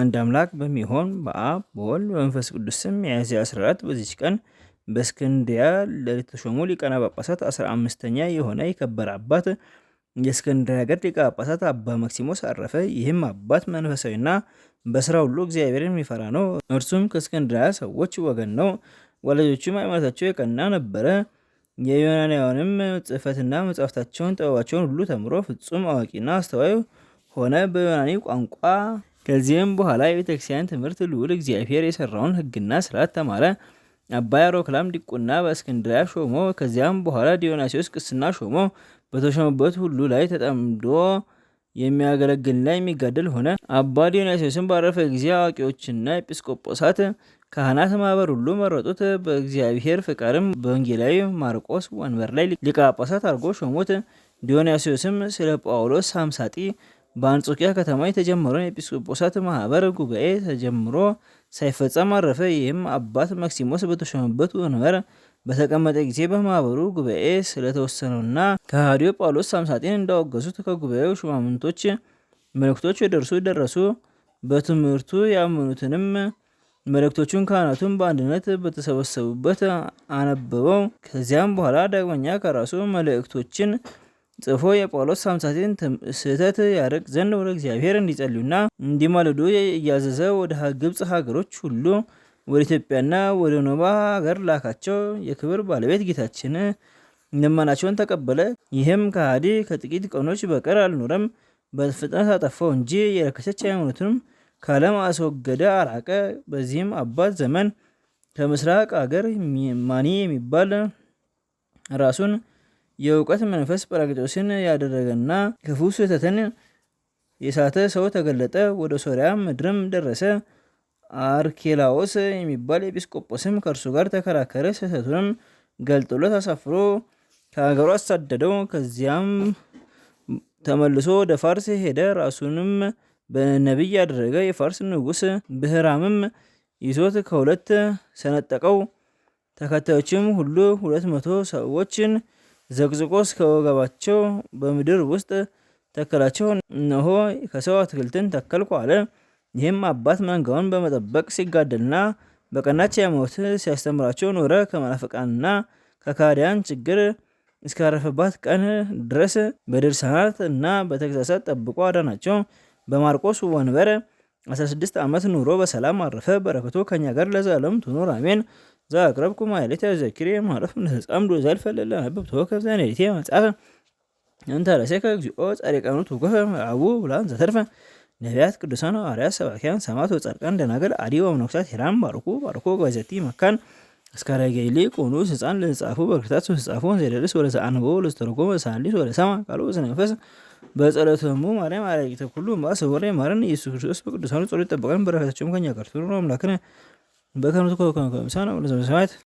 አንድ አምላክ በሚሆን በአብ በወልድ በመንፈስ ቅዱስ ስም ሚያዝያ 14 በዚች ቀን በእስክንድርያ ለተሾሙ ሊቃነ ጳጳሳት 15ኛ የሆነ የከበረ አባት የእስክንድርያ ሀገር ሊቀ ጳጳሳት አባ መክሲሞስ አረፈ። ይህም አባት መንፈሳዊና በስራ ሁሉ እግዚአብሔር የሚፈራ ነው። እርሱም ከእስክንድርያ ሰዎች ወገን ነው። ወላጆቹም ሃይማኖታቸው የቀና ነበረ። የዮናንያውንም ጽሕፈትና መጽሐፍታቸውን ጥበባቸውን ሁሉ ተምሮ ፍጹም አዋቂና አስተዋይ ሆነ። በዮናኒ ቋንቋ ከዚህም በኋላ የቤተክርስቲያን ትምህርት ልዑል እግዚአብሔር የሰራውን ሕግና ስርዓት ተማረ። አባ ያሮክላም ዲቁና በእስክንድሪያ ሾሞ። ከዚያም በኋላ ዲዮናሲዎስ ቅስና ሾሞ። በተሾመበት ሁሉ ላይ ተጠምዶ የሚያገለግልና የሚጋደል ሆነ። አባ ዲዮናሲዎስን ባረፈ ጊዜ አዋቂዎችና ኤጲስቆጶሳት፣ ካህናት ማህበር ሁሉ መረጡት። በእግዚአብሔር ፍቃድም በወንጌላዊ ማርቆስ ወንበር ላይ ሊቀ ጳጳሳት አድርጎ ሾሙት። ዲዮናሲዎስም ስለ ጳውሎስ ሳምሳጢ በአንጾኪያ ከተማ የተጀመረውን የኤጲስቆጶሳት ማህበር ጉባኤ ተጀምሮ ሳይፈጸም አረፈ። ይህም አባት መክሲሞስ በተሾመበት ወንበር በተቀመጠ ጊዜ በማህበሩ ጉባኤ ስለተወሰነውና ከሃዲዮ ጳውሎስ ሳምሳጤን እንዳወገዙት ከጉባኤው ሹማምንቶች መልእክቶች ደርሱ ደረሱ። በትምህርቱ ያመኑትንም መልእክቶቹን ካህናቱን በአንድነት በተሰበሰቡበት አነበበው። ከዚያም በኋላ ዳግመኛ ከራሱ መልእክቶችን ጽፎ የጳውሎስ ሳምሳትን ስህተት ያርቅ ዘንድ ወደ እግዚአብሔር እንዲጸልዩና እንዲማልዱ እያዘዘ ወደ ግብፅ ሀገሮች ሁሉ ወደ ኢትዮጵያና ወደ ኖባ ሀገር ላካቸው። የክብር ባለቤት ጌታችን ልመናቸውን ተቀበለ። ይህም ከሃዲ ከጥቂት ቀኖች በቀር አልኖረም፣ በፍጥነት አጠፋው እንጂ የረከሰች ሃይማኖቱንም ከዓለም አስወገደ አራቀ። በዚህም አባት ዘመን ከምስራቅ ሀገር ማኒ የሚባል ራሱን የእውቀት መንፈስ ጰራቅሊጦስን ያደረገና ክፉ ስህተትን የሳተ ሰው ተገለጠ። ወደ ሶሪያ ምድርም ደረሰ። አርኬላዎስ የሚባል ኤጲስቆጶስም ከእርሱ ጋር ተከራከረ። ስህተቱንም ገልጦለት አሳፍሮ ከሀገሩ አሳደደው። ከዚያም ተመልሶ ወደ ፋርስ ሄደ። ራሱንም በነቢይ ያደረገ። የፋርስ ንጉሥ ብህራምም ይዞት ከሁለት ሰነጠቀው። ተከታዮችም ሁሉ ሁለት መቶ ሰዎችን ዘቅዝቆ እስከ ወገባቸው በምድር ውስጥ ተከላቸው። እነሆ ከሰው አትክልትን ተከልኩ አለ። ይህም አባት መንጋውን በመጠበቅ ሲጋደልና በቀናች የሞት ሲያስተምራቸው ኖረ። ከመናፍቃንና ከካዲያን ችግር እስካረፈባት ቀን ድረስ በድርሳናት እና በተግሳሳት ጠብቆ አዳናቸው። በማርቆስ ወንበር 16 ዓመት ኑሮ በሰላም አረፈ። በረከቱ ከኛ ጋር ለዘላለም ትኑር አሜን። ዘአቅረብኩ ማሕሌተ ዘኪርየ እምኃረፍ እምነተጻምዱ ዘልፈለለ አብብ ተወከፍ ዘንዴቴ መጽሐፈ እንተ ረሴከ እግዚኦ ጻድቃኑ ትውከፈ አቡ ብላን ዘተርፈ ነቢያት ቅዱሳን ሐዋርያት ሰባኪያን ሰማዕት ወጻድቃን ደናግል አዲ ወመነኮሳት ሄራን ባርኩ ባርኮ ባይዘቲ መካን እስካረገይሊ ቁኑ ስፃን ለጻፉ በክርታት ጻፉ ዘደርስ ወለ ዘአንቦ ለስተርጎም ሳንዲስ ወለ ሰማ ቃሉ ዘነፈስ በጸሎተሙ ማርያም አረጊተ ኩሉ ማሰወረ ማረን ኢየሱስ ክርስቶስ በቅዱሳኑ ጸሎት ጠበቀን በረከታቸውም ከኛ ጋር ትኑር። አምላክነ Dat kan ook wel komen. Zijn we er